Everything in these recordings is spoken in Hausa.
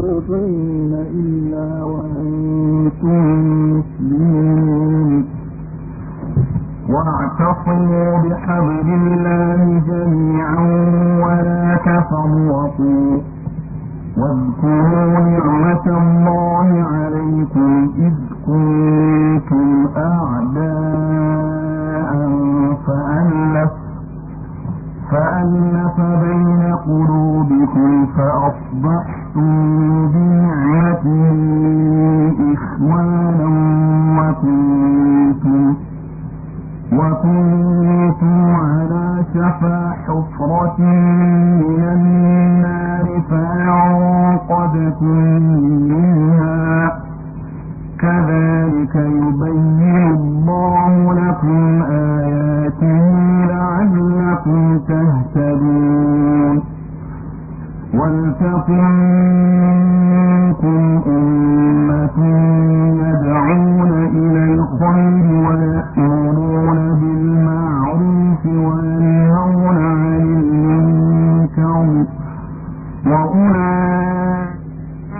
إلا وأنتم مسلمون واعتصموا بحبل الله جميعا ولا تفرقوا واذكروا نعمة الله عليكم إذ كنتم أعداء فألف فألف بين قلوبكم فأصبحتم بنعمته إخوانا وكنتم وكنتم على شفا حفرة من النار فأنقذكم منها كذلك يبين الله لكم آياته لعلكم تهتدون ولتكن منكم أمة يدعون إلى الخير ويأمرون بالمعروف وينهون عن المنكر وأولئك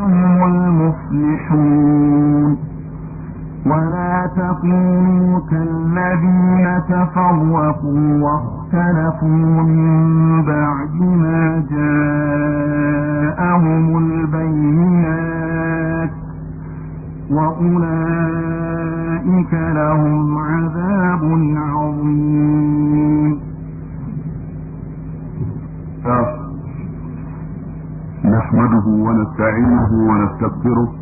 هم المفلحون ولا تكونوا كالذين تفرقوا واختلفوا من بعد ما جاءهم البينات وأولئك لهم عذاب عظيم نحمده ونستعينه ونستغفره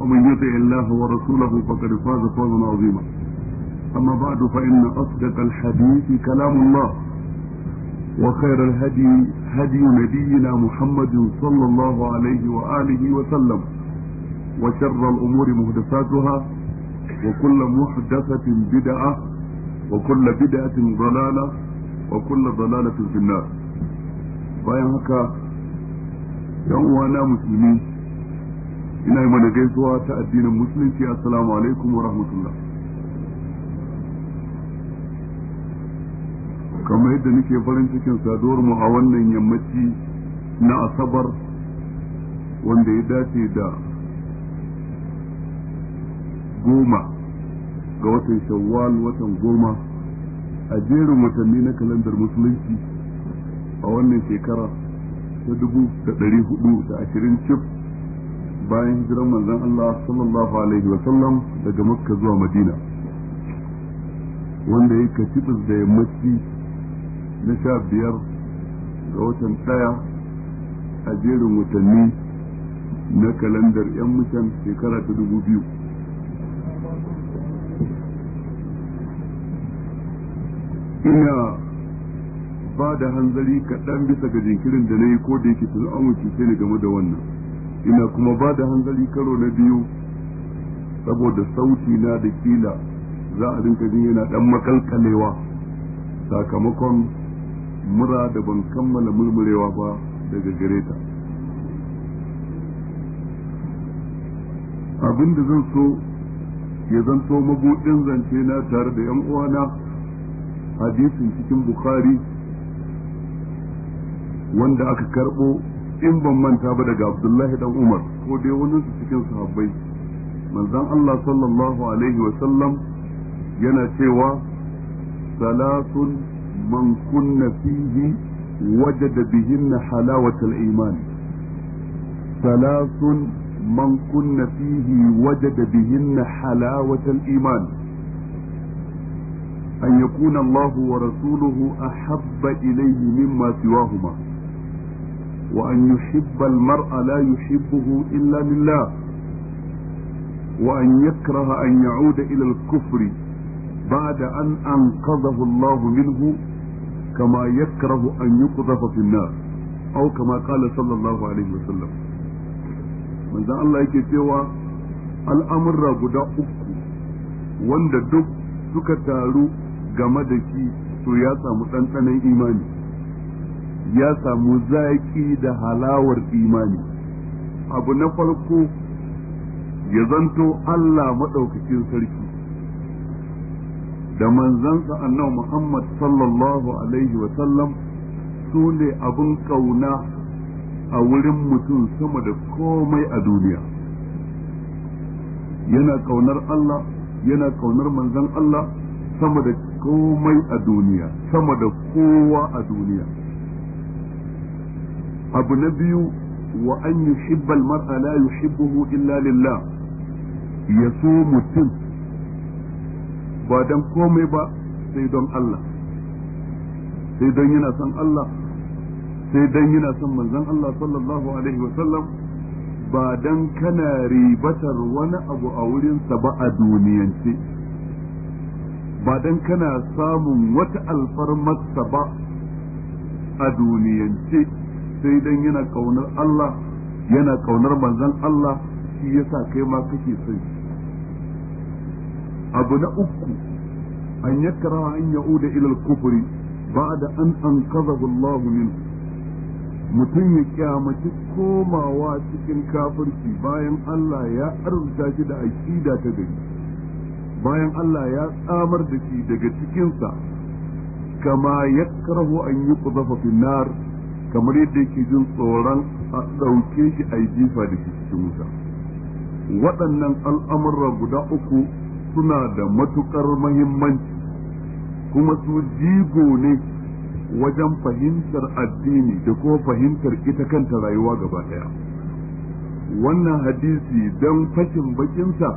ومن يطع الله ورسوله فقد فاز فوزا عظيما أما بعد فإن أصدق الحديث كلام الله وخير الهدي هدي نبينا محمد صلى الله عليه وآله وسلم وشر الأمور محدثاتها وكل محدثة بدعة وكل بدعة ضلالة وكل ضلالة في النار فينك يوم انا مسلمين ina yi mana gaisuwa ta addinin musulunci assalamu alaikum wa rahmatullah kamar yadda nake farin cikin saduwar mu a wannan yammaci na asabar wanda ya dace da goma ga watan shawwal watan goma a jerin watanni na kalandar musulunci a wannan shekara ta dubu da ɗari hudu da ashirin cif bayan hijiran manzon Allah sallallahu alaihi wa sallam daga Makka zuwa Madina wanda ya katibus da yammaci na sha biyar ga watan ɗaya a jerin watanni na kalandar 'yan mutan shekara ta dubu biyu ina ba da hanzari kaɗan bisa ga jinkirin da na yi ko da yake tun amince ne game da wannan ina kuma ba da hanzari karo na biyu saboda sauti na da kila za a rinka jin yana dan makalkalewa sakamakon mura da ban kammala murmurewa ba daga gare ta abinda zan so ya zanto mabuɗin zance na tare da 'yan uwana hadisin cikin bukhari wanda aka karɓo in ban manta ba daga Abdullahi dan Umar ko dai wani cikin sahabbai manzon Allah sallallahu alaihi wa sallam yana cewa salatun man kunna fihi wajada bihinna halawatal iman salatun man kunna fihi wajada bihinna halawatal iman أن يكون الله ورسوله أحب إليه مما سواهما وأن يحب المرء لا يحبه إلا لله وأن يكره أن يعود إلى الكفر بعد أن أنقذه الله منه كما يكره أن يقذف في النار أو كما قال صلى الله عليه وسلم من ذا الله يكي سوى الأمر قد wanda duk suka taru game da shi to ya samu ɗanɗanon imani ya samu zaki da halawar imani abu na farko ya zanto Allah maɗaukakin sarki da manzansa annabi Muhammad sallallahu alaihi wa sallam su ne abin ƙauna a wurin mutum sama da komai a duniya yana kaunar Allah yana kaunar manzan Allah sama da komai a duniya sama da kowa a duniya abu na biyu wa an yuhibba al-mar'a yi yuhibbuhu illa lillah ya so mutum ba dan komai ba sai don Allah sai don yana son Allah sai dan yana son manzon Allah sallallahu alaihi wa ba dan kana ribatar wani abu a wurinsa ba a duniyance ba dan kana samun wata alfarmarsa ba a duniyance sai dan yana kaunar Allah yana kaunar manzon Allah shi yasa kai ma kake son abu na uku an yakra an uda ilal al ba da an anqadhahu Allah min mutum ya kyamaci komawa cikin kafirci bayan Allah ya arzuta shi da aƙida ta gari bayan Allah ya tsamar da shi daga cikinsa kama ya karahu an yi kuzafa nar. kamar yadda yake jin tsoron a ɗauke shi a jifa da shi cikin wuta waɗannan al'amurra guda uku suna da matuƙar mahimmanci kuma su jigo ne wajen fahimtar addini da kuma fahimtar ita kanta rayuwa gaba ɗaya wannan hadisi don fashin bakinsa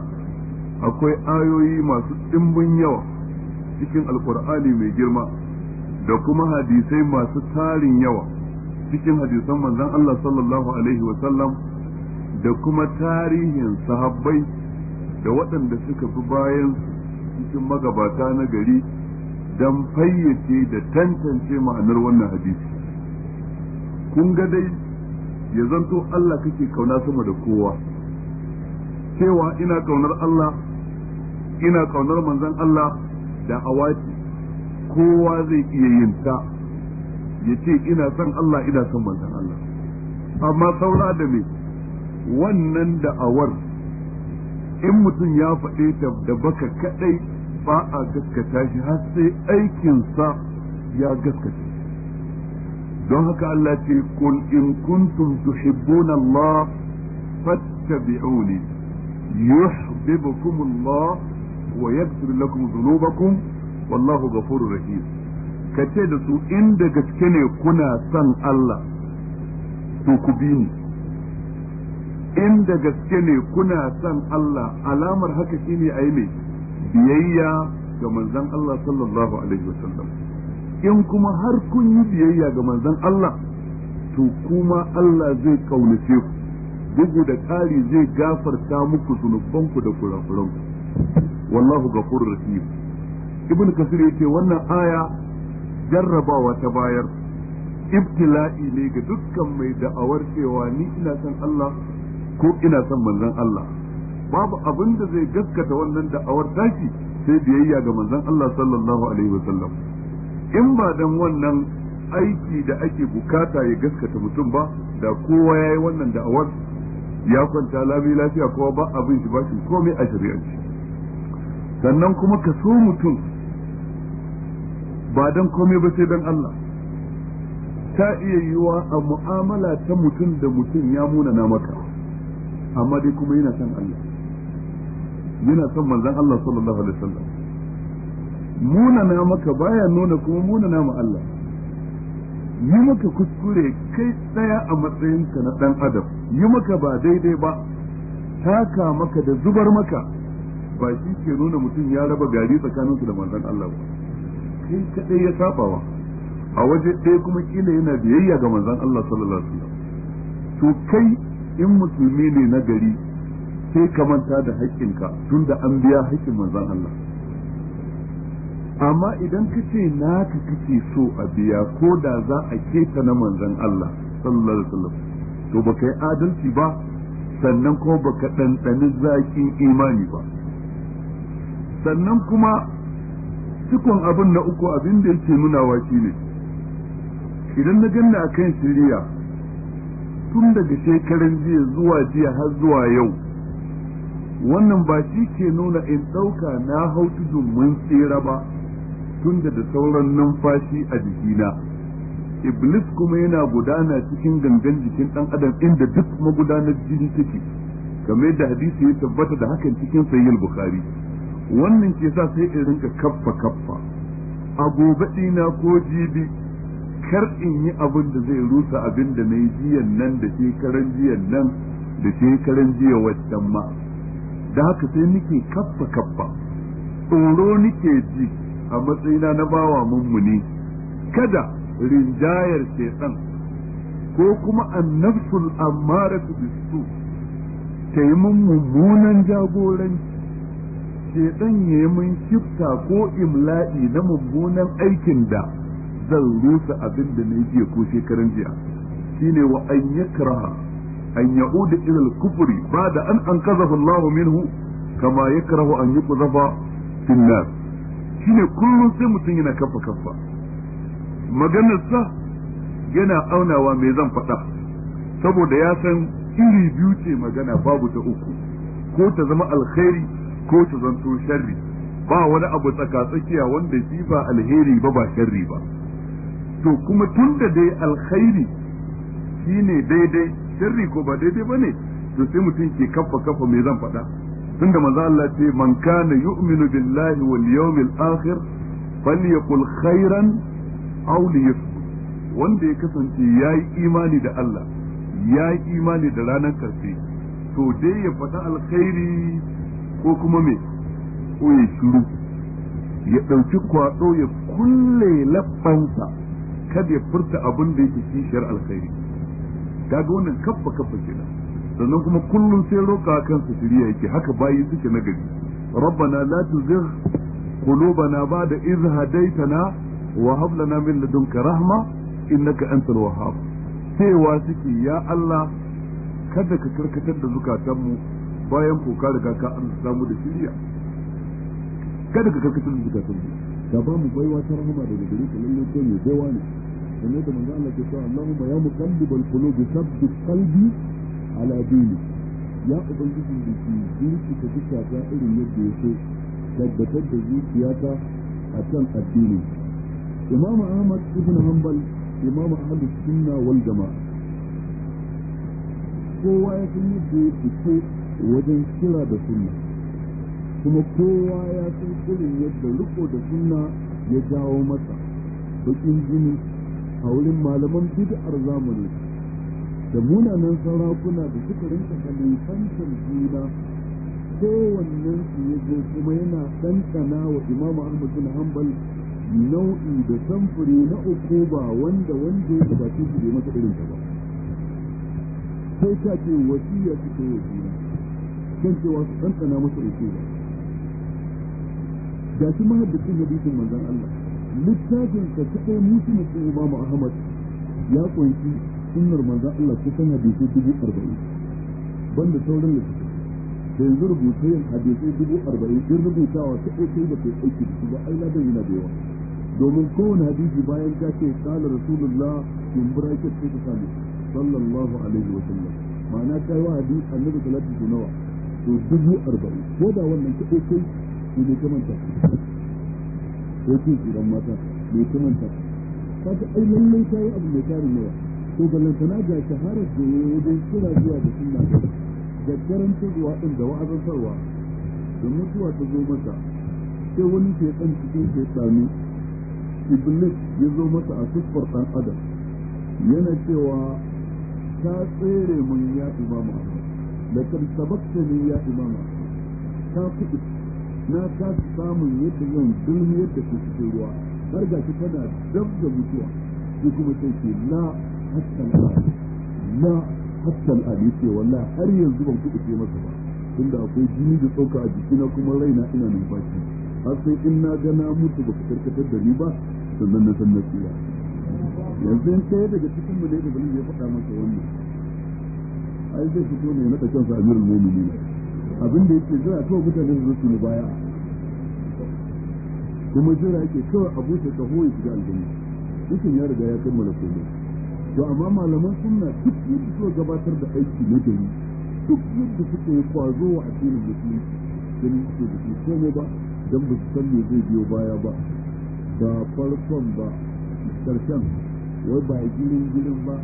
akwai ayoyi masu ɗimbin yawa cikin alkur'ani mai girma da kuma hadisai masu tarin yawa cikin hadisan manzon Allah sallallahu alaihi wa sallam da kuma tarihin sahabbai da waɗanda suka fi bayan cikin magabata na gari don fayyace da tantance ma'anar wannan hadisi kun ga dai ya zanto Allah kake kauna sama da kowa cewa ina kaunar Allah ina kaunar manzon Allah da awaci kowa zai iya yin ta ya ce ina son Allah ina son manzon Allah amma saura da me wannan da'awar in mutum ya faɗe ta da baka kaɗai ba a gaskata shi har sai aikinsa ya gaskata don haka Allah ce kun in kuntum tuhibbuna Allah fattabi'uni yuhibbukum Allah wa yaghfir lakum dhunubakum wallahu ghafurur rahim ka ce da su inda gaske ne kuna son Allah to ku bi ni inda gaske ne kuna son Allah alamar haka shine ayi mai biyayya ga manzon Allah sallallahu alaihi wasallam in kuma har kun yi biyayya ga manzon Allah to kuma Allah zai kaunace ku bugu da ƙari zai gafarta muku zunubanku da kurakuranku wallahu ghafurur rahim ibn kasir yake wannan aya jarrabawa ta bayar ibtila'i ne ga dukkan mai da'awar cewa ni ina son Allah ko ina son manzon Allah babu abin da zai gaskata wannan da'awar taki sai biyayya ga manzon Allah sallallahu alaihi wasallam in ba dan wannan aiki da ake bukata ya gaskata mutum ba da kowa yayi wannan da'awar ya kwanta lami lafiya kowa ba abin shi ba shi komai a shari'a sannan kuma ka so mutum ba don komai ba sai don Allah ta iya yiwa a mu'amala ta mutum da mutum ya munana maka amma dai kuma yana son Allah yana son manzan Allah sallallahu alaihi wasallam munana maka baya nuna kuma munana na Allah yi maka kuskure kai tsaya a matsayinka na dan adam yi maka ba daidai ba taka maka da zubar maka ba shi ke nuna mutum ya raba gari tsakaninsu da manzan Allah ba Kai kadai ya sabawa a waje ɗaya kuma kila yana biyayya ga manzon Allah sallallahu alaihi wasallam to kai in musulmi ne na gari sai ka manta da haƙƙinka da an biya haƙƙin manzon Allah amma idan ka ce ka kake so a biya ko da za a keta na manzon Allah sallallahu alaihi wasallam to baka yi adalci ba sannan kuma baka ɗanɗani zaƙin imani ba sannan kuma cikon abin na uku abin da yake nunawa shine idan na ganna a kan shirya tun daga shekaran jiya zuwa jiya har zuwa yau wannan ba shi ke nuna in ɗauka na hau tudun mun tsira ba tun da sauran numfashi a jikina iblis kuma yana gudana cikin gangan jikin ɗan adam inda duk magudanar jini take kamar da hadisi ya tabbata da hakan cikin sayyid bukhari wannan ke sa sai in rinka kaffa kaffa a gobe ina ko jibi kar in yi abin da zai rusa abin da na jiyan nan da shekaran jiyan nan da shekaran jiya waccan ma da haka sai nike kaffa kaffa tsoro nike ji a matsayina na bawa mummuni kada rinjayar shaitan ko kuma annabsul amaratu bisu ta yi mummunan jagoranci shedan ya yi mun shifta ko imla'i na mummunan aikin da zan rusa abin da na jiya ko shekaran jiya shine wa an yakraha an da ila al-kufri ba'da an anqazahu Allah minhu kama yakrahu an yuqzafa fil nar shine kullum sai mutum yana kafa kafa maganar sa yana aunawa mai zan faɗa saboda ya san iri biyu ce magana babu ta uku ko ta zama alkhairi ko ta zanto sharri ba wani abu tsaka tsakiya wanda shi ba alheri ba ba sharri ba to kuma tun da dai alkhairi shine daidai sharri ko ba daidai ba ne to sai mutum ke kafa kafa me zan faɗa tunda manzo Allah ce man kana yu'minu billahi wal yawmil akhir falyakul khairan aw wanda ya kasance yayi imani da Allah yayi imani da ranar karfe to dai ya faɗa alkhairi ko kuma me ko ya shiru ya ɗauki kwaɗo ya kulle laffansa kada ya furta abin da yake kishiyar alkhairi kaga wannan kaffa kaffa nan sannan kuma kullum sai roƙa kansa shirya yake haka bayi suke na gari rabbana la tuzigh qulubana ba'da idh hadaytana wa hab lana min ladunka rahma innaka antal wahhab cewa suke ya Allah kada ka karkatar da zukatanmu bayan kuka ka riga ka an samu da shiriya kada ka karkatar da zukatan mu Da ba mu baiwa ta rahama daga gare ka lalle ko mai baiwa ne kamar da manzo Allah ke cewa Allahumma ya muqallibal qulubi thabbit qalbi ala dini ya ubangiji da ke zuci ta duka ta irin yadda ya so tabbatar da zuciyata a kan addini Imam Ahmad ibn Hanbal Imam Ahmad Sunna wal Jama'a kowa ya san yadda ya fito wajen kira da suna, kuma kowa ya san irin yadda riko da sunna ya jawo masa bakin jini a wurin malaman bid'ar zamani da munanan sarakuna da suka rinka kalifantar juna Kowanne su ya zo kuma yana ɗanɗana wa imamu ahmad bin hanbal nau'i da samfuri na uku ba wanda wanda ya gabace da bai masa irin ta ba sai ta ce wasiya su ta juna. kan cewa su ɗanɗana masa uku ba ga shi mahaddacin hadisin manzon Allah littafin ka ta kai mutu mutum Imam Ahmad ya kunshi sunnar manzon Allah kusan hadisi dubu arba'in banda sauran littafin da yanzu rubuta yin hadisai dubu arba'in in rubutawa ta ɗauke da kai aiki da su ba ai ladan yana da yawa domin kowane hadisi bayan ka ce kala rasulullah in bracket sai ka sallallahu alaihi wa sallam ma'ana kai wa hadisi annabi salatu alaihi wa to dubu arba'in ko da wannan ta ɗauke shi ne ta manta ko ce jiran mata ne ta manta ka ta ai lallai ta yi abu mai tarin yawa to ballantana ga shaharar da ya wajen kira zuwa da sunna da karanta zuwa ɗin da wa'azantarwa da mutuwa ta zo mata sai wani ke ɗan cikin ke sami iblis ya zo mata a siffar ɗan adam yana cewa ta tsere mun ya imamu لقد سبقتني يا إماما كافئت na ta samun yadda yawan dun yadda ke cikin ruwa har ga shi tana dab da mutuwa shi kuma sai ce la hatta al'adu la hatta al'adu ce wallahi har yanzu ban kuɗi ce masa ba tunda akwai jini da tsoka a jiki na kuma raina ina numfashi har sai in na ga na mutu ba ku karkatar da ni ba sannan na san na tsira yanzu in ɗaya daga cikin mu ne da bani ya faɗa masa wannan ai zai fito ne na kansa amirul mu'minin abin da yake jira kawai mutane su su baya kuma jira yake kawai abu ta kaho ya shiga aljanna dukkan ya riga ya kammala komai to amma malaman sunna duk yadda suka gabatar da aiki na gari duk yadda suka yi kwazo wa addinin musulunci ganin suke da su komai ba don ba su san me zai biyo baya ba ba farkon ba karshen wai ba girin girin ba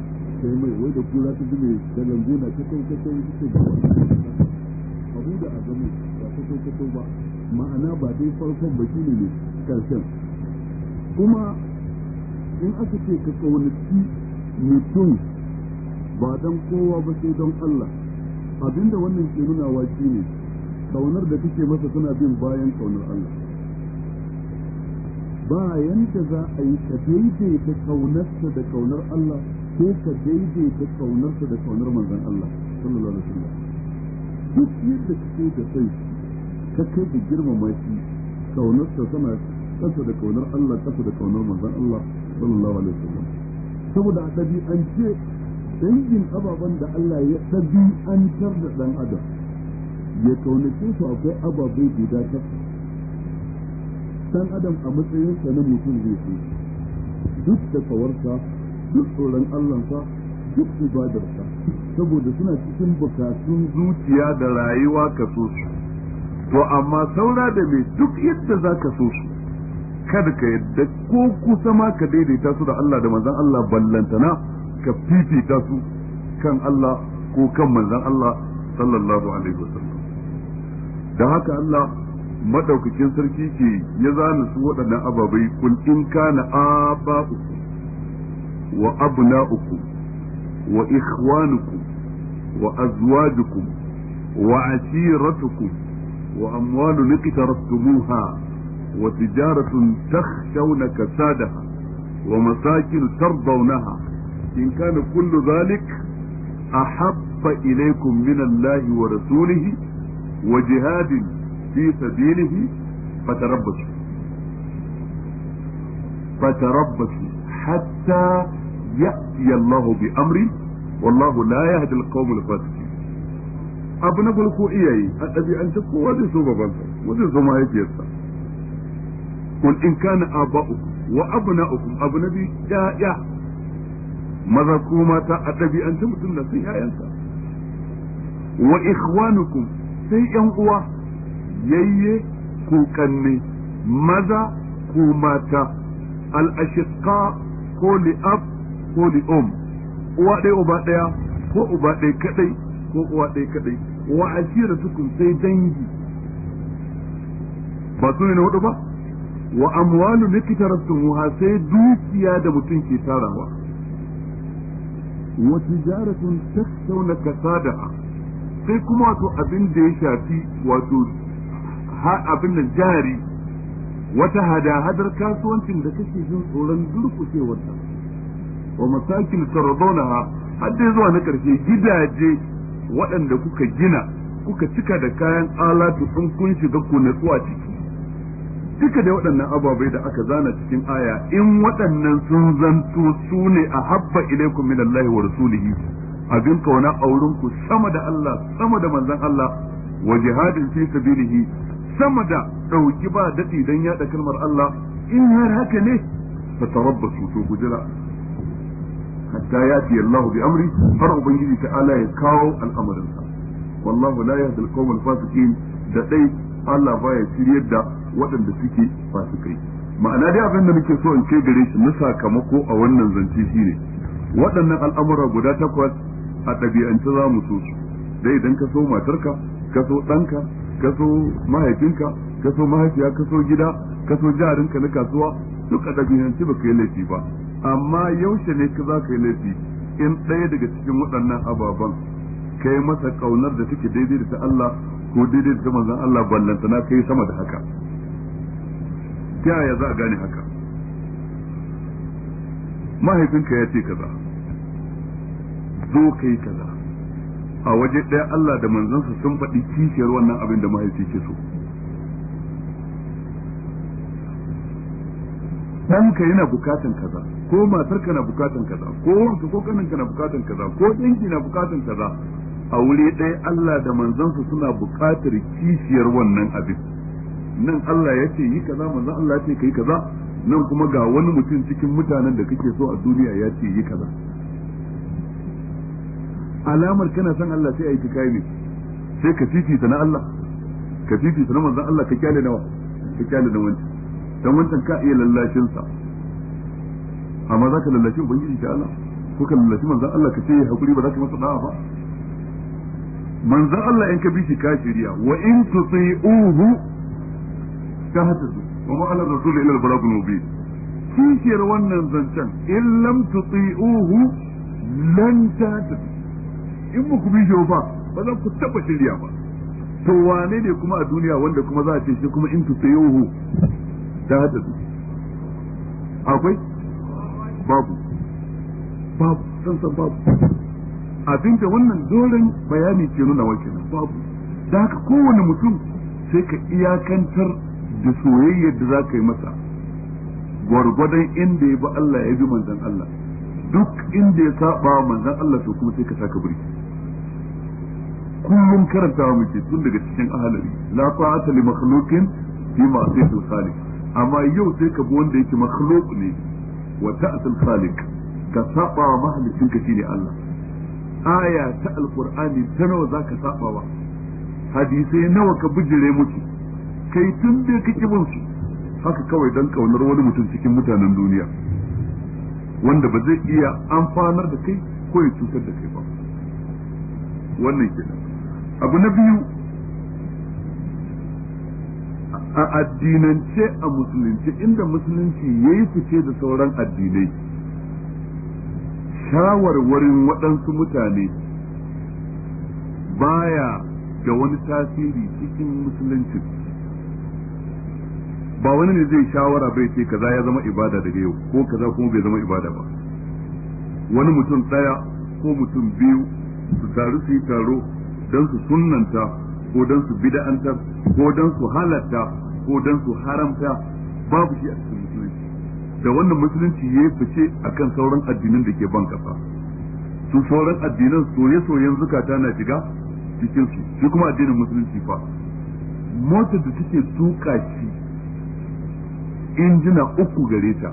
ta mai wai da kura ta zube da lambu na ta kai ta kai ta ba abu da azamu ba ta kai ba ma'ana ba dai farkon ba shine ne karshen kuma in aka ce ka kaunaci mutum ba dan kowa ba sai don Allah abinda wannan ke nuna wa shine kaunar da kake masa tana bin bayan kaunar Allah Bayan da za a yi ka daidaita kaunarsa da kaunar Allah sai ka daidaita kaunarsa da kaunar manzan Allah sallallahu alaihi wasallam duk yadda kake da kai ka kai da girmama shi kaunarsa tana kasa da kaunar Allah kasa da kaunar manzan Allah sallallahu alaihi wasallam saboda a ce dangin ababen da Allah ya an tar da dan adam ya kaunace su akwai ababai guda takwas dan adam a matsayinsa na mutum zai so duk da kawarsa duk tsoron Allahnsa duk ibadarsa saboda suna cikin bukatun zuciya da rayuwa ka so su to amma saura da mai duk yadda za ka so su kada ka yadda ko kusa ma ka daidaita su da Allah da manzan Allah ballantana ka fifita su kan Allah ko kan manzan Allah sallallahu alaihi wasallam da haka Allah madaukakin sarki ke ya zana su waɗannan ababai kun in kana aba'ukum وأبناؤكم وإخوانكم وأزواجكم وعشيرتكم وأموال اقترفتموها وتجارة تخشون كسادها ومساكن ترضونها إن كان كل ذلك أحب إليكم من الله ورسوله وجهاد في سبيله فتربصوا فتربصوا حتى ya'ti Allahu bi amri wallahu la yahdi al-qawmul fasiqin abu na farko iyaye a ɗabi'ance kowa zai so babansa wajen zo so mahaifiyarsa kun in kana uku. wa abu na uku abu na bi ya'ya maza ko mata a ɗabi'ance mutum na sun ya'yansa wa ikhwanukum sai yan uwa yayye ko kanne maza ko mata al-ashiqa ko li'ab ko um uwa ɗaya uba ɗaya ko uba ɗaya kaɗai ko uwa ɗaya kaɗai wa asira tukun sai dangi ba su ne na hudu ba wa amwalu nikitarattumuha sai dukiya da mutum ke tarawa wa tijaratun tattauna kasada sai kuma wato abin da ya shafi wato abin da jari wata hada-hadar kasuwancin da kake jin tsoron durkushewar ta wa masakin tardawnaha har da zuwa na karshe gidaje waɗanda kuka gina kuka cika da kayan alatu sun kun shiga ku natsuwa ciki duka da waɗannan ababai da aka zana cikin aya in waɗannan sun zanto su ne a habba ilaikum min Allah wa rasulihi abin kauna a wurin ku sama da Allah sama da manzon Allah wa jihadin fi sabilihi sama da dauki ba dadi dan yada kalmar Allah in har haka ne tarabbasu to gujira hatta yati Allahu bi har ubangiji ta'ala ya kawo al'amarin wallahu la yahdi al-qawm al da dai Allah baya shiryar da waɗanda suke fasikai ma'ana dai abin da muke so in ce gare shi na sakamako a wannan zance shine waɗannan al'amura guda takwas a ɗabi'ance za mu so su dai idan ka so matarka ka so ɗanka ka so mahaifinka ka so mahaifiya ka so gida ka so jarinka na kasuwa duk a ɗabi'ance ba yi laifi ba amma yaushe ne ka za ka yi laifi in ɗaya daga cikin waɗannan ababen kai masa ƙaunar da take daidai da ta Allah ko daidai da ta manzon Allah ballantana yi sama da haka ta yaya za a gane haka mahaifinka ya ce kaza zo kai kaza a waje ɗaya Allah da manzansa sun faɗi kishiyar wannan abin da mahaifi ke so ɗanka yana bukatan kaza ko matar ka na bukatan kaza ko wanka ko kaninka na bukatan kaza ko ɗinki na bukatan kaza a wuri ɗaya Allah da manzansa suna bukatar kishiyar wannan abin nan Allah ya ce yi kaza manzan Allah ya ce kai kaza nan kuma ga wani mutum cikin mutanen da kake so a duniya ya ce yi kaza alamar kana son Allah sai a yi kai ne sai ka fifita na Allah ka fifita na manzan Allah ka kyale nawa ka kyale na wani. don wancan ka iya lallashin sa amma zaka lallashi ubangiji ta Allah ko ka lallashi manzon Allah ka ce hakuri ba za ka masa da'a ba manzon Allah in ka bi shi ka shirya wa in uhu ka hata su wa ma ala rasul illa al-balagh mubin kishiyar wannan zancen in lam uhu lan ta in ba ku bi shi ba ba za ku taba shirya ba to wane ne kuma a duniya wanda kuma za a ce shi kuma in uhu? ta hada akwai babu babu sansan babu abinda wannan doren bayani ke nuna wa kenan babu da haka kowane mutum sai ka iyakantar da soyayyar da za ka yi masa gwargwadon inda ya bi Allah ya bi manzon Allah duk inda ya saba manzon Allah to kuma sai ka saka burki kullum karantawa muke tun daga cikin ahalari la ta'ata li makhluqin fi ma'siyatil khaliq amma yau sai ka bi wanda yake makhluq ne wa ta'atul khaliq ka saba wa mahalicin ka shine Allah aya ta alqur'ani ta nawa zaka saba wa hadisai nawa ka bijire muke kai tun da kake bin su haka kawai dan kaunar wani mutum cikin mutanen duniya wanda ba zai iya amfanar da kai ko ya cutar da kai ba wannan kenan abu na biyu a addinance a musulunci inda musulunci ya yi fice da sauran addinai shawarwarin waɗansu mutane baya da wani tasiri cikin musulunci ba wani ne zai shawara bai ce kaza ya zama ibada daga yau ko kaza kuma bai zama ibada ba wani mutum ɗaya ko mutum biyu su taru su yi taro don su sunanta. ko dan su bid'antar ko dan su halatta ko dan su haramta babu shi a cikin musulunci da wannan musulunci ya fice akan sauran addinin da ke ban kasa su sauran addinan soye-soyen zukata na shiga cikin su shi kuma addinin musulunci fa motar da take tuka shi injina uku gare ta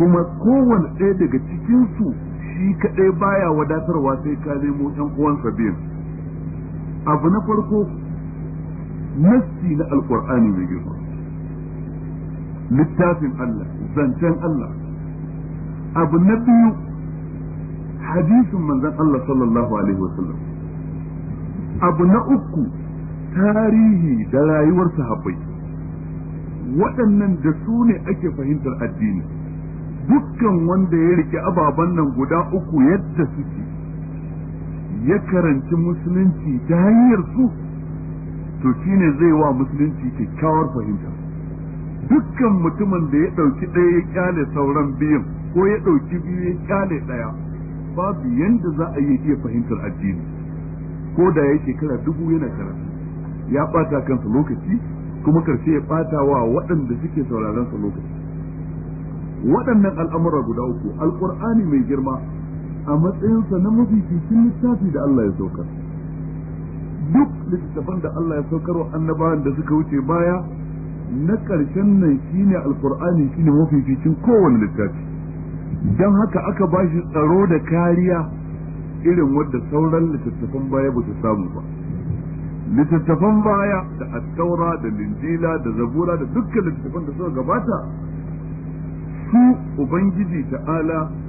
kuma kowane ɗaya daga cikin su shi kaɗai baya wadatarwa sai ka nemo ɗan uwansa biyu abu na farko nassi na alkur'ani mai girma littafin Allah zancen Allah abu na biyu hadisin manzon Allah sallallahu alaihi wasallam abu na uku tarihi da rayuwar sahabbai waɗannan da su ne ake fahimtar addini dukkan wanda ya rike ababen nan guda uku yadda suke ya karanci musulunci ta hanyar su to shine zai wa musulunci kyakkyawar fahimta dukkan mutumin da ya ɗauki ɗaya ya kyale sauran biyan ko ya ɗauki biyu ya kyale ɗaya babu yanda za a yi iya fahimtar addini ko da ya shekara dubu yana karatu ya ɓata kansa lokaci kuma karshe ya ɓata wa waɗanda suke sauraron sa lokaci waɗannan al'amura guda uku alƙur'ani mai girma a matsayinsa na mafificin littafi da Allah ya saukar duk littafan da Allah ya saukar wa annabawan da suka wuce baya na ƙarshen nan shine alkur'ani shine mafificin kowane littafi don haka aka ba shi tsaro da kariya irin wadda sauran littattafan baya ba su samu ba littattafan baya da attaura da linjila da zabura da dukkan littattafan da suka gabata su ubangiji ta'ala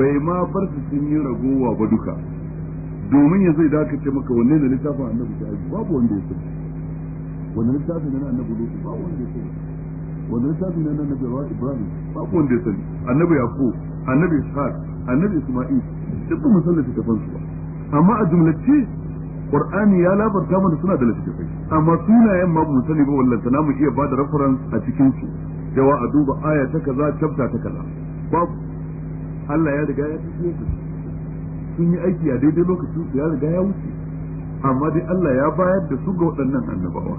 bai ma bar su sun yi ragowa ba duka domin ya zai dakace maka wanne ne littafin annabi ta aji babu wanda ya sani wanda littafin na annabi lutu babu wanda ya sani wanda littafin na annabi ibrahim babu wanda ya sani annabi yaqub annabi ishaq annabi isma'il duk mun san littafin su ba amma a jumlace qur'ani ya labarta mana suna da littafai amma sunayen ma mun sani ba wallahi na mu iya ba da reference a cikin su cewa a duba aya ta kaza chapter ta kaza babu Allah ya riga ya tafiye sun yi aiki a daidai lokacin ya riga ya wuce amma dai Allah ya bayar da su ga waɗannan annabawa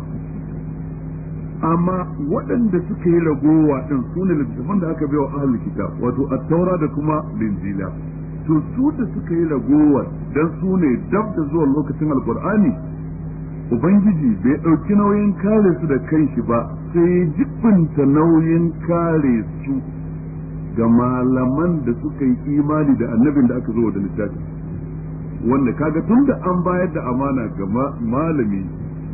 amma waɗanda suka yi ragowa ɗin su ne littattafan da aka baiwa ahlul wato Attaura taura da kuma linjila to su da suka yi ragowar don su ne dab da zuwa lokacin alkur'ani ubangiji bai ɗauki nauyin kare su da kai shi ba sai ya jibinta nauyin kare su ga malaman da suka yi imani da annabin da aka zo da littafi wanda kaga tun da an bayar da amana ga malami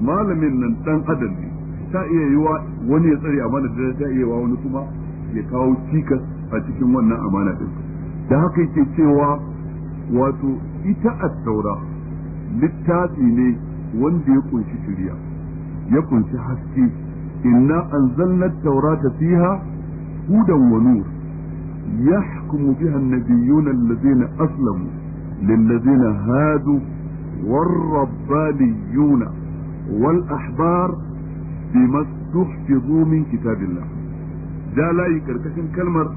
malamin nan dan adam ne ta iya yi wa wani ya tsare amana da ta iya wa wani kuma ya kawo cikas a cikin wannan amana din da haka yake cewa wato ita at-taura littafi ne wanda ya kunshi shirya ya kunshi haske inna anzalna at-taurata fiha hudan wa nur يحكم بها النبيون الذين أسلموا للذين هادوا والربانيون والأحبار بما استحفظوا من كتاب الله ده لا يكركشن كلمة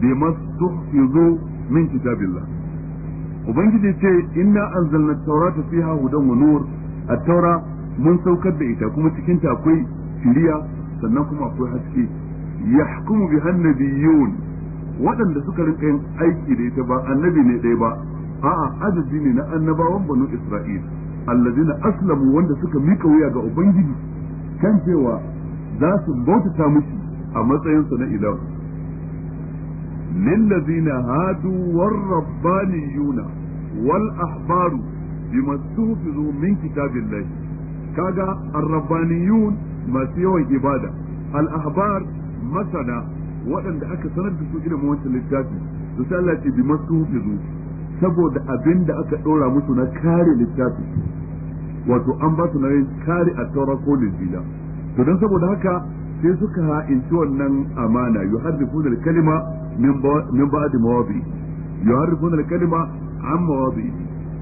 بما استحفظوا من كتاب الله وبنجد ce إنا أنزلنا التوراة فيها هدى ونور التوراة من سوكت da كما تكنت cikinta akwai shiriya sannan kuma يحكم بها النبيون waɗanda suka rinka yin aiki da ita ba annabi ne ɗaya ba a'a adadi ne na annabawan banu isra'il alladina aslamu wanda suka mika wuya ga ubangiji kan cewa za su bautata miki a matsayinsa na ilahu lillazina hadu warrabbaniyuna wal ahbaru bima tuhfizu min kitabillahi kaga arrabbaniyun masu yawan ibada al ahbar masana waɗanda aka sanar da su ilimin wancan littafi to sai Allah ce bi masu fizu saboda abin da aka ɗora musu na kare littafi wato an ba su nauyin kare a taura ko linjila to don saboda haka sai suka in ci wannan amana yuharrifuna al-kalima min ba'd mawadi yuharrifuna al-kalima an mawadi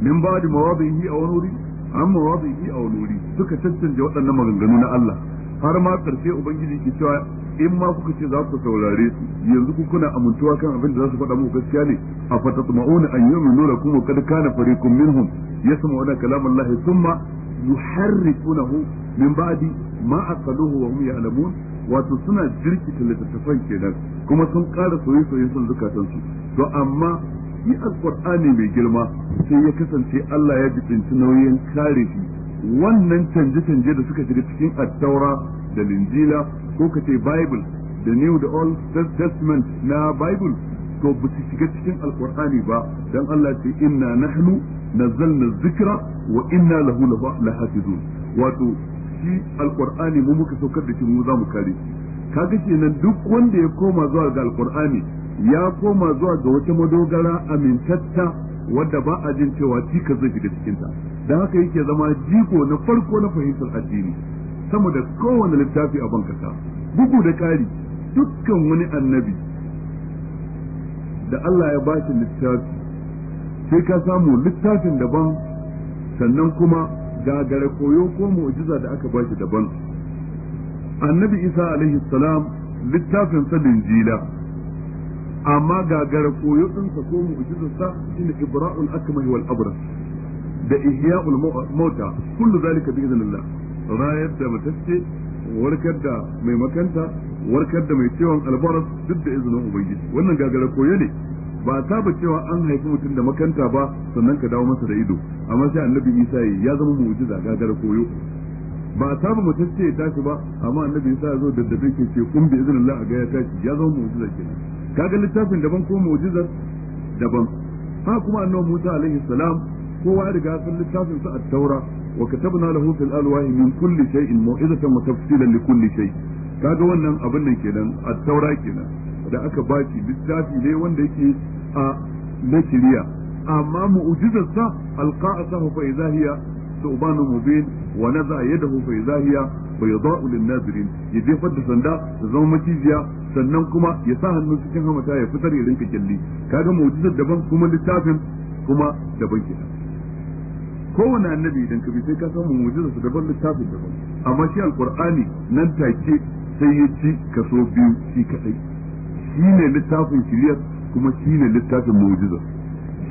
min yi a wani wuri? an yi a wani wuri. suka cancanta waɗannan maganganu na Allah har ma karshe ubangiji ke cewa in ma kuka ce za ku saurare su yanzu ku kuna amintuwa kan abin da za su faɗa muku gaskiya ne a fatatma'una an yu'minu lakum wa qad kana fariqun minhum yasma'una kalam Allah thumma yuharrifunahu min ba'di ma aqaluhu wa hum ya'lamun wato suna jirkita littattafan kenan kuma sun ƙara soyayya sun zukatansu to amma shi alqur'ani mai girma sai ya kasance Allah ya jibinci nauyin kare shi wannan canje-canje da suka shiga cikin attaura da linjila ko ka ce bible da new da old testament na bible to ba su shiga cikin alkur'ani ba dan Allah ce inna nahnu nazzalna dhikra wa inna lahu lahafizun wato shi alkur'ani mu muka saukar da shi mu za mu kare kaga kenan duk wanda ya koma zuwa ga alkur'ani ya koma zuwa ga wata madogara amintatta wadda ba a jin cewa cika zai shiga cikinta don haka yake zama jiko na farko na fahimtar addini sama da kowane littafi a bankasa bugu da ƙari dukkan wani annabi da Allah ya shi littafi sai ka samu littafin daban sannan kuma gagara koyo ko mu'jiza da aka bashi daban annabi isa alaihi salam littafin sa linjila amma gagara koyo ɗinsa ko sa, shine ibra'ul akmal wal abra da ihya'ul mauta kullu zalika bi idnillah rayar da matacce warkar da mai makanta warkar da mai ciwon albaras duk da izinin ubangiji wannan gagara koyo ne ba ba cewa an haifi mutum da makanta ba sannan ka dawo masa da ido amma sai annabi isa ya zama mu'jiza gagara koyo ba ba matacce ya tashi ba amma annabi isa ya zo da dabe ke ce kun bi izinin Allah a ga ya tashi ya zama mu'jiza ka kaga littafin daban ko mu'jizar daban ha kuma annabi Musa alaihi salam kowa ya riga sun littafin sa a taura وكتبنا له في الالواح من كل شيء موعظه وتفصيلا لكل شيء kaga wannan abin nan kenan a taura kenan da aka baki littafi ne wanda yake a na shiriya amma mu'jizar sa alqa'a sahu fa idza hiya subhanu mubin wa naza yadahu fa idza hiya bayda'u lin nazirin ya jefar da sanda da zama macijiya sannan kuma ya sa hannun cikin hamata ya fitar ya rinka kyalli kaga mu'jizar daban kuma littafin kuma daban kenan kowane annabi idan ka bi sai ka samu mu'jiza su daban littafin daban amma shi alqur'ani nan take sai ya ci kaso biyu shi kadai shi ne littafin shiriyar kuma shi ne littafin mu'jiza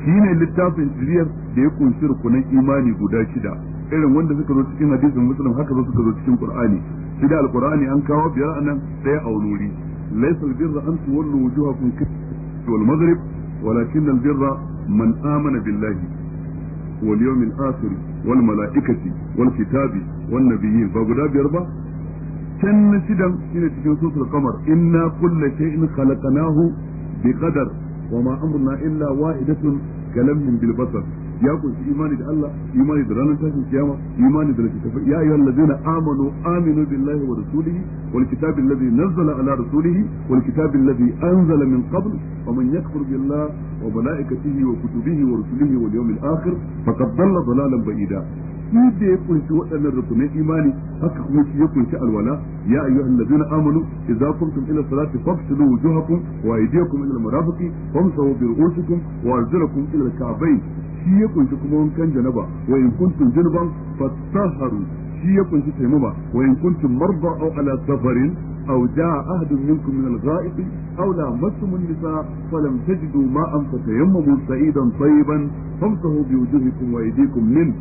shi ne littafin shiriyar da ya kunshi rukunan imani guda shida irin wanda suka zo cikin hadisin muslim haka zo suka zo cikin qur'ani shi da alqur'ani an kawo biyar anan daya a wuri laysal birra an tuwallu wujuhakum qibla al-maghrib walakin al-birra man amana billahi wal yawmil akhir wal malaikati wal kitabi wan nabiyyin ba guda biyar ba can na shidan shine cikin suratul qamar in kulla shay'in khalaqnahu biqadar wa ma amruna illa wahidatun kalamin bil basar ya kunshi imani da Allah imani da ranar tashin kiyama imani da littattafai ya ayyuhal ladzina amanu aminu billahi wa rasulihi wal kitabi alladhi nazzala ala rasulihi wal kitabi alladhi anzala min qabl wa man yakfur billahi wa malaikatihi wa kutubihi wa rusulihi wal yawmil akhir faqad dalla dalalan ba'ida shi da ya kunshi waɗannan rukunan imani haka kuma shi ya kunshi alwala ya ayyuhan ladina amanu idza kuntum ila salati fafsilu wujuhakum wa aydiyakum ila almarafiqi famsahu bi ru'usikum wa arjulakum ila alka'bayn shi ya kunshi kuma wankan janaba wa in kuntum junuban fatahharu shi ya kunshi taimama wa in kuntum marda aw ala safarin aw jaa ahadun minkum min al-gha'ib aw lamastum an-nisa falam tajidu ma'an fatayammamu sa'idan tayyiban famsahu bi wujuhikum wa aydikum min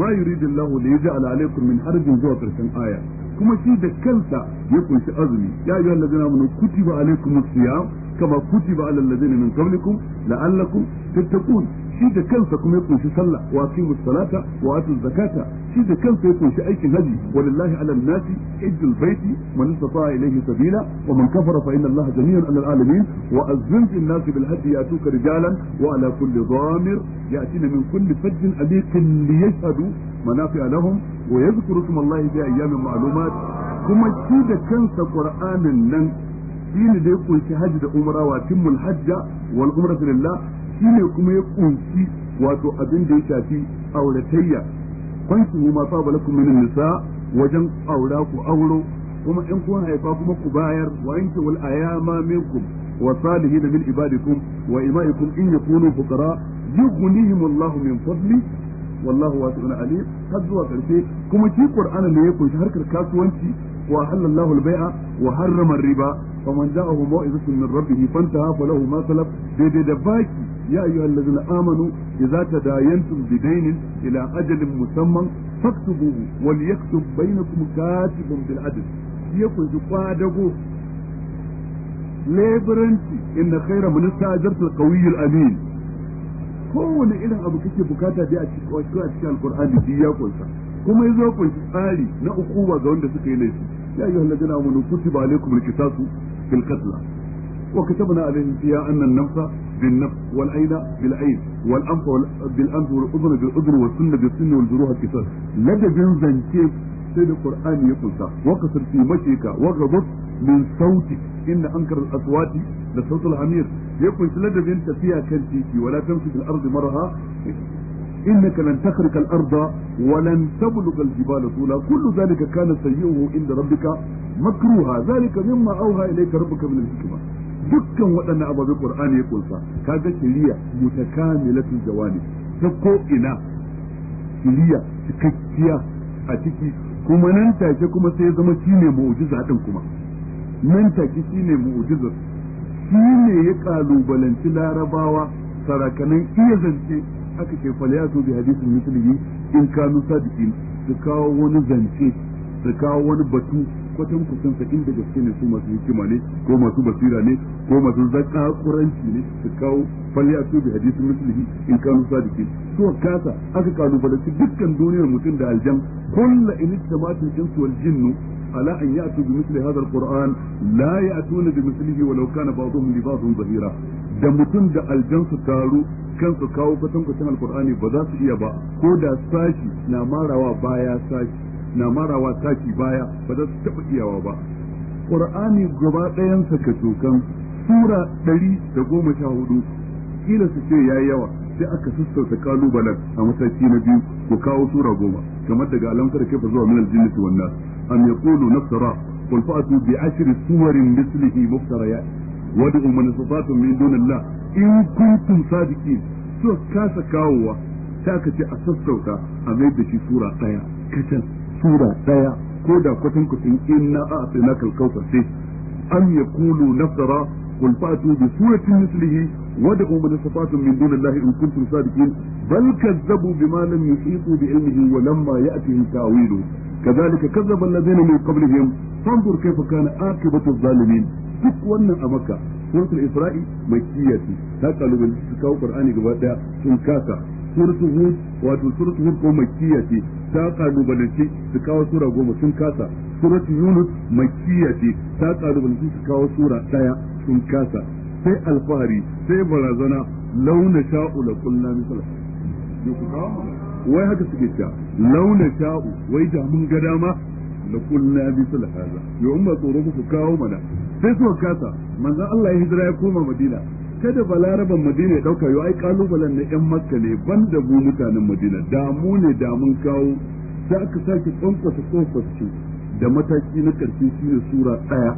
ma yuridu Allahu li yaj'ala alaykum min harajin zuwa karshen aya kuma shi da kansa ya kunshi azumi ya ayyuhal ladzina amanu kutiba alaykumus siyam kama kutiba alal ladzina min qablikum la'allakum tattaqun shi da kansa kuma ya kunshi sallah wa aqimus salata wa zakata shi da kansa ya kunshi aikin haji walillahi ala nasi hajjul baiti man istata'a ilayhi sabila wa man kafara fa inna allaha jami'un ala alamin wa azzin fil nasi bil hajji yatuka rijalan wa ala kulli dhamir ya'tina min kulli fajjin aliqin liyashhadu manafi'a lahum wa yadhkuru isma allahi ayyamin ma'lumat kuma shi da kansa qur'anin nan shine da ya kunshi haji da umara wa timmul hajja wal umrata lillah shi ne kuma ya kunshi wato abin da ya shafi auratayya kwanci mu ma saba min nisa wajen aura ku auro kuma in kun haifa kuma ku bayar wa anki wal ayama minkum wa salihin min ibadikum wa imaikum in yakunu fuqara yughnihim Allahu min fadli wallahu wasi'un alim har zuwa karshe kuma ki qur'ana ne ya kunshi harkar kasuwanci wa halallahu al-bai'a wa harrama riba faman ja'ahu maw'izatun min rabbih fantaha falahu ma salaf daidai da baki يا أيها الذين آمنوا إذا تداينتم بدين إلى أجل مسمى فاكتبوه وليكتب بينكم كاتب بالعدل يكن تقادقوا leburanci inna khaira man tajartul qawiyul amin kowane irin abu kake bukata dai a cikin a cikin alqur'ani ya kunsa kuma yazo kunshi tsari na ukuwa ga wanda suka yi laifi ya ayyuhal ladina amanu kutiba alaykumul qisasu fil qatl وكتبنا عليهم فيها أن النفس بالنفس والعين بالعين والأنف بالأنف والأذن بالأذن والسن بالسن والجروح الكتاب لدى بنزن كيف سيد القرآن يقول وقصر في مشيك وغضب من صوتك إن أنكر الأصوات لصوت الحمير يقول لدى بنت فيها كنتيكي ولا تمشي في الأرض مرها إنك لن تخرق الأرض ولن تبلغ الجبال طولا كل ذلك كان سيئه عند ربك مكروها ذلك مما أوهى إليك ربك من الحكمة dukkan waɗannan ababe qur'ani ya kunsa kaga shiriya mutakamilatul jawani ta ko ina shiriya cikakkiya a ciki kuma nan take kuma sai ya zama shine mu'jiza din kuma nan take shine mu'jiza shine ya kalubalanci larabawa sarakanan iya zance aka ke falyatu bi hadisin mislihi in kanu sadiqin su kawo wani zance su kawo wani batu kwatan kusan sa inda gaske ne su masu hikima ne ko masu basira ne ko masu zakakuranci ne su kawo falle a tubi hadisin musulmi in kanu sadiki to kasa aka kalubalanci dukkan duniyar mutum da aljan kullu in istamatul insu wal jinnu ala an ya'tu bi misli hadha alquran la ya'tuna da mislihi walau kana ba'dhum li ba'dhin zahira da mutum da aljan su taru su kawo kwatan kusan alqur'ani ba za su iya ba ko da sashi na marawa baya sashi na marawa taki baya ba za su taɓa iyawa ba qur'ani gaba ɗayansa ka cokan sura ɗari da goma sha hudu kila su ce yayi yawa sai aka sassauta kalubalen a mataki na biyu ku kawo sura goma kamar daga alamtar kaifa zuwa minal jinnati wannan nas am nafsara qul fa'tu bi ashri suwarin mislihi muftariyat wad'u man istata'tum min dunillah in kuntum sadiqin to kasa kawowa sai aka ce a sassauta a mai da shi sura ɗaya kacal. sura daya ko da kwatan kusin inna sai na kautsar sai am yaqulu nafsara qul fa'tu bi suratin mislihi wad'u man istata'tum min dunillahi in kuntum sadiqin bal kazzabu bima lam yuhitu bi ilmihi wa lamma ya'tihim ta'wilu كذلك كذب الذين من قبلهم فانظر كيف كان عاقبة الظالمين duk wannan a makka suratul isra'i makkiya ce ta kalubalanci su kawo qur'ani gaba daya sun kasa suratul hud wato suratul hud ko makkiya ce ta kalubalance su kawo sura goma sun kasa suratu yunus makkiya ce ta kalubalance su kawo sura daya sun kasa sai alfahari sai barazana launa sha'u la kullu misal wai haka suke cewa launa sha'u wai da mun ga dama la kullu misal haza yo umma tsoro ku kawo mana sai suka kasa manzon Allah ya hijira ya koma Madina kada balaraban madina ya dauka yau ai kalubalen na yan makka ne ban da mu mutanen madina damu ne da mun kawo za ka sake kwankwasa ce, da mataki na karshe shine sura daya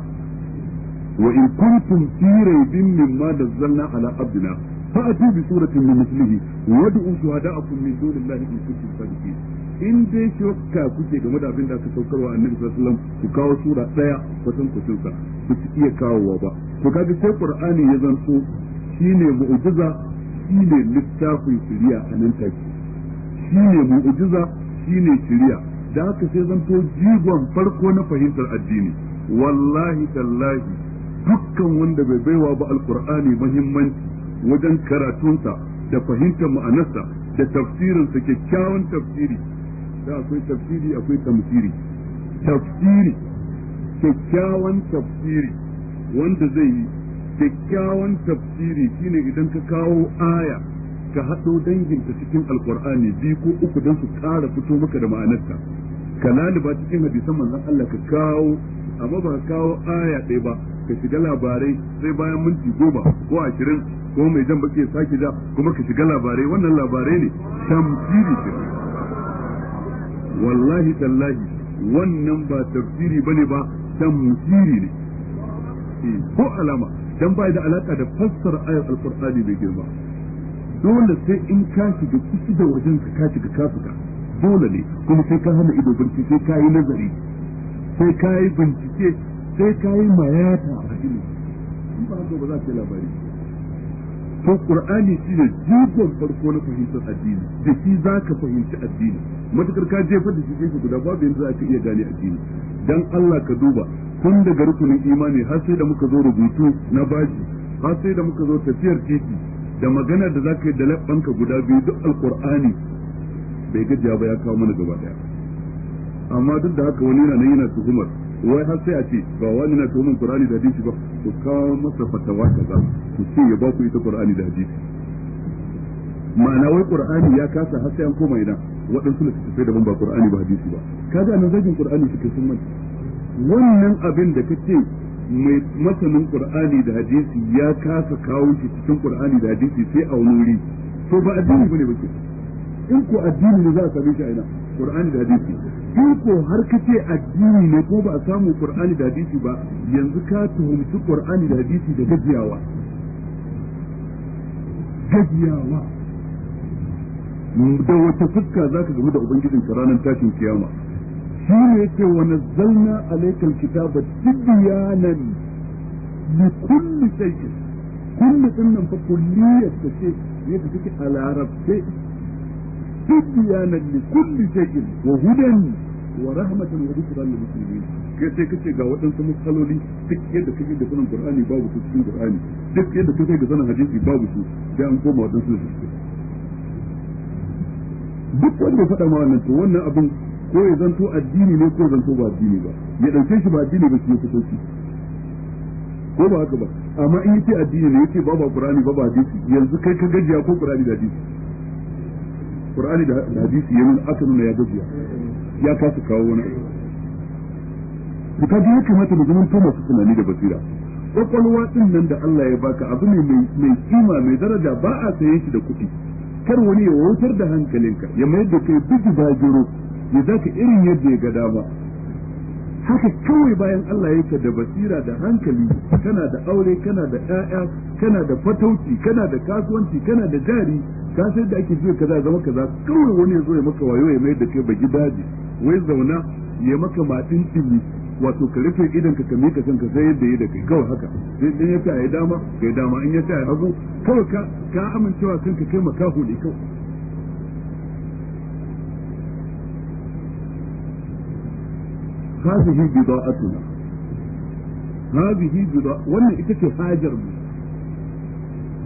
wa in kuntum fi ma mimma Zanna ala abdina fa'atu bi suratin min mislihi wad'u shuhada'akum min dunillahi in kuntum sadiqin in dai ka kuke game da abin da aka wa annabi sallallahu alaihi wasallam ku kawo sura daya kwatan kwatan ku ku iya kawowa ba to kaga sai qur'ani ya zanto Shi ne shine shi ne littafin shiriya a nan take shi ne shine shi ne shirya da haka sai zan to jigon farko na fahimtar addini wallahi tallahi dukkan wanda bai baiwa ba alqur'ani muhimmanci wajen karatunsa da fahimtar ma'anarsa da tafsirinsa kyakkyawan tafsiri da akwai tafsiri akwai tamsiri tafsiri kyakkyawan tafsiri wanda zai yi kyakkyawan tafsiri shine idan ka kawo aya ka haɗo danginta cikin alkur'ani biyu ko uku don su ƙara fito maka da ma'anarta ka laliba cikin hadisan manzon Allah ka kawo amma ba kawo aya ɗaya ba ka shiga labarai sai bayan minti goma ko ashirin ko mai jan baki ya sake ja kuma ka shiga labarai wannan labarai ne tamsiri ce wallahi tallahi wannan ba tafsiri bane ba tamsiri ne eh, ko alama dan ba da alaka da fassara ayat alqur'ani bai girma dole sai in ka shiga ciki da wajen ka shiga ka dole ne kuma sai ka hana ido bincike ka yi nazari sai ka yi bincike sai ka yi mayata a ilimi in ba haka ba za ka yi labari to qur'ani shi ne jigon farko na fahimtar addini da shi za ka fahimci addini matukar ka jefa da shi gefe guda babu yanzu za ka iya gane addini dan Allah ka duba tun daga rukunin imani har sai da muka zo rubutu na baji har sai da muka zo tafiyar titi da magana da zaka yi da labbanka guda biyu duk alqur'ani bai gajiya ba ya kawo mana gaba daya amma duk da haka wani yana nan yana tuhumar wai har sai a ce ba wani na tuhumar qur'ani da hadisi ba ku kawo masa fatawa kaza ku ce ya ba ku ita qur'ani da hadisi ma'ana wai qur'ani ya kasa har sai an koma ina waɗansu da ban ba qur'ani ba hadisi ba kaga nan zagin qur'ani suke sun mai wannan abin da ka ce mai masanin qur'ani da hadisi ya kasa kawo shi cikin qur'ani da hadisi sai a wani wuri to ba addini bane ba ke in ko addini ne za a same shi a ina qur'ani da hadisi in ko har ka ce addini ne ko ba a samu qur'ani da hadisi ba yanzu ka tuhumci qur'ani da hadisi da gajiyawa gajiyawa da wata fuska zaka gamu da ubangijin ranar tashin kiyama shi ne yake wa nazzalna alaikal kitaba tibyanan li kulli shay'in kulli dinnan fa kulliyat ta ce yadda suke a larabce tibyanan li kulli shay'in wa hudan wa rahmatan wa dhikran lil Musulmi. kai sai kace ga waɗansu matsaloli duk yadda kake da sanin qur'ani babu su cikin qur'ani duk yadda kake da sanin hadisi babu su sai an koma waɗansu da su duk wanda ya faɗa ma wannan to wannan abin ko ya zanto addini ne ko ya zanto ba addini ba ya dauke shi ba addini ba shi ya fito shi ko ba haka ba amma in yace addini ne yace ba ba qur'ani ba ba hadisi yanzu kai ka gajiya ko qur'ani da hadisi qur'ani da hadisi yanzu aka nuna ya gajiya ya kasa kawo wani kuka ka ya kamata mu zaman to masu tunani da basira kwakwalwa din nan da Allah ya baka abu ne mai kima mai daraja ba a saye shi da kuɗi kar wani ya wautar da hankalinka ya mayar da kai duk da jiro. ya zaka irin yadda ya ga dama haka kawai bayan Allah ya yake da basira da hankali kana da aure kana da ƴaƴa kana da fatauci kana da kasuwanci kana da jari ka sai da ake jiya kaza zama kaza kawai wani zo ya maka wayo ya mai da kai bagi daji wai zauna ya maka matin timi wato ka rufe idan ka kame ka san ka sai yadda ya da kai kawai haka sai dan ya ta yi dama yi dama in ya ta yi hagu kawai ka ka amincewa kanka kai makahu ne kawai hadhihi bida'atuna hadhihi bida wannan ita ce hajar mu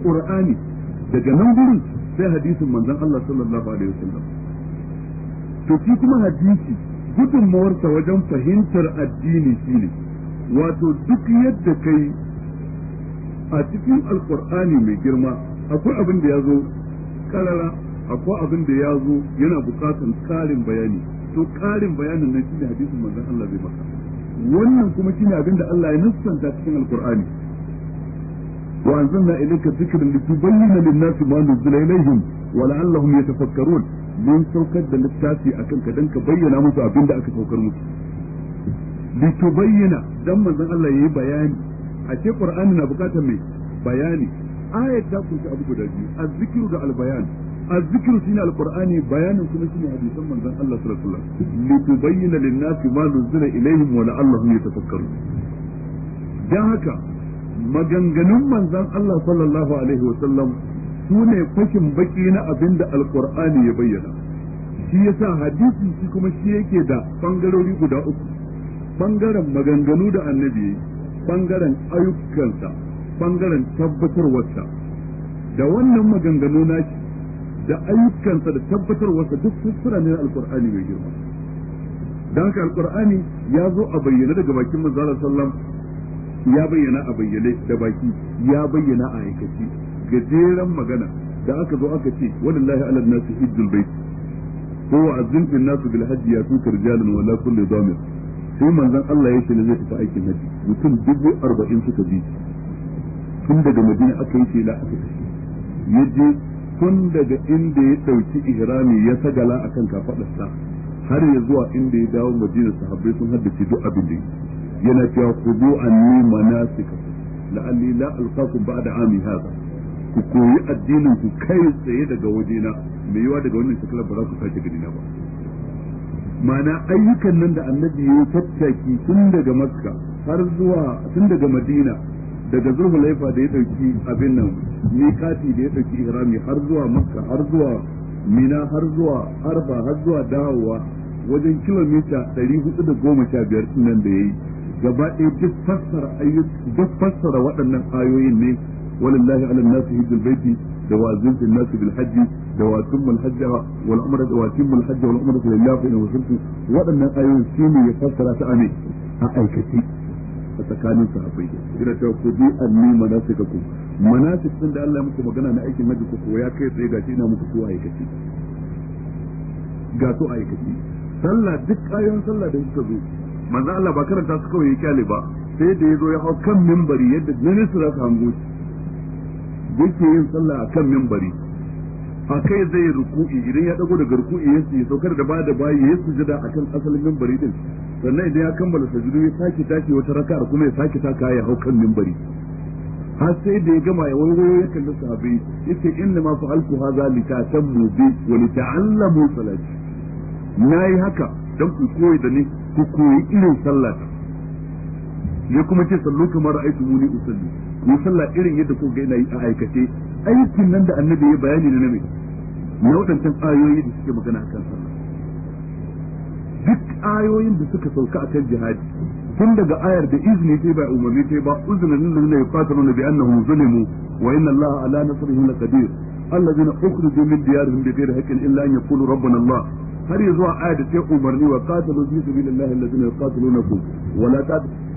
qur'ani daga nan gurin sai hadisin manzon Allah sallallahu alaihi wasallam to ki kuma hadisi gudunmawarsa wajen fahimtar addini shine wato duk yadda kai a cikin alkur'ani mai girma akwai abin da ya zo karara akwai abin da ya zo yana bukatan karin bayani to karin bayanin nan shine hadisin manzon Allah zai baka wannan kuma shine abin da Allah ya nassanta cikin alqur'ani wa anzalna ilayka dhikran litubayyana lin-nasi ma nuzila ilayhim wa la'allahum yatafakkarun mun saukar da littafi akan ka dan ka bayyana musu abin da aka saukar musu litubayyana dan manzon Allah yayi bayani a ce qur'ani na bukatar mai bayani ayat ta kunshi abu guda biyu azzikiru da al albayan الذكر شنو القرآن بيان كما شنو حديث من ذن الله صلى الله عليه وسلم لتبين للناس ما نزل إليهم ولعلهم يتفكرون جاهك maganganun manzon Allah sallallahu alaihi wasallam su ne fashin baƙi na abin da alkur'ani ya bayyana shi yasa hadisi shi kuma shi yake da bangarori guda uku bangaren maganganu da annabi bangaren ayyukansa bangaren tabbatarwarsa da wannan maganganu na da ayyukansa da tabbatarwarsa duk suna ne alkur'ani mai girma dan haka alkur'ani ya zo a bayyane daga bakin manzara sallam ya bayyana a bayyane da baki ya bayyana a aikace gajeren magana da aka zo aka ce walillahi ala nasu hijjul bait ko azin fil nasu bil hajji ya tukar jalan wala kullu damir sai manzon Allah ya ce ne zai tafi aikin hajji mutum dubu arba'in suka bi tun daga madina aka yi shela aka tafi ya je tun daga inda ya ɗauki ihrami ya sagala akan kafaɗarsa har ya zuwa inda ya dawo madina sahabbai sun haddace duk abin da yana cewa ku zo anni manasika la'alli la alqakum ba'da ami hada ku koyi addinin ku kai tsaye daga wajena mai yiwa daga wannan shekarar ba za ku sake gani na ba ma'ana ayyukan nan da annabi ya tattaki tun daga makka har zuwa tun daga madina daga laifa da ya dauki abin nan miƙati da ya dauki ihrami har zuwa makka har zuwa mina har zuwa arfa har zuwa dawowa wajen kilomita 415 nan da yayi gaba ɗaya duk fassara duk fassara waɗannan ayoyin ne walillahi ala nasu hijjul baiti da wazin fil nasu bil hajji da wasin mul hajji wal umra da wasin mul hajji wal umra lillahi wa sunnu waɗannan ayoyin shine ya fassara ta ame a aikace a tsakanin sahabbai ina cewa ku bi anni manasikakum manasik din da Allah muku magana na aikin haji ku ya kai tsaye gashi ina muku suwa aikaci ga su aikaci sallah duk ayoyin sallah da suka zo manzo Allah ba karanta su kawai ya kyale ba sai da ya zo ya hau kan minbari yadda ministan za su hango shi yake yin sallah a kan minbari a kai zai ruku'i idan ya dago daga ruku'i ya su saukar da ba da bayi ya sujada a kan asalin minbari din sannan idan ya kammala sujudu ya sake tashi wata raka'ar kuma ya sake taka ya hau kan minbari har sai da ya gama ya waiwayo ya kalli sahabbai yace inna ma fa'altu hadha li ta'tammu bi wa li ta'allamu salati nayi haka dan ku koyi da ni ku koyi irin sallah ya kuma ce sallu kamar ra'aytu muni usalli ku sallah irin yadda ku ga ina yi a aikace aikin nan da annabi ya bayani ne na me na wadancan ayoyi da suke magana akan sa duk ayoyin da suka sauka a kan jihadi tun daga ayar da izini ce ba umarni ce ba uzunin nan ne fataruna bi annahum zulimu wa inna allaha ala nasrihim laqadir alladhina ukhrijoo min diyarihim bi ghairi haqqin illa an yaqulu rabbana allah har yanzu ayar da ce umarni wa qatalu fi sabilillahi alladhina yuqatilunakum wa la